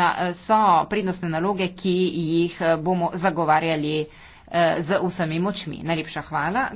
na, eh, so prednostne naloge, ki jih eh, bomo zagovarjali eh, z vsemi močmi. Najlepša hvala.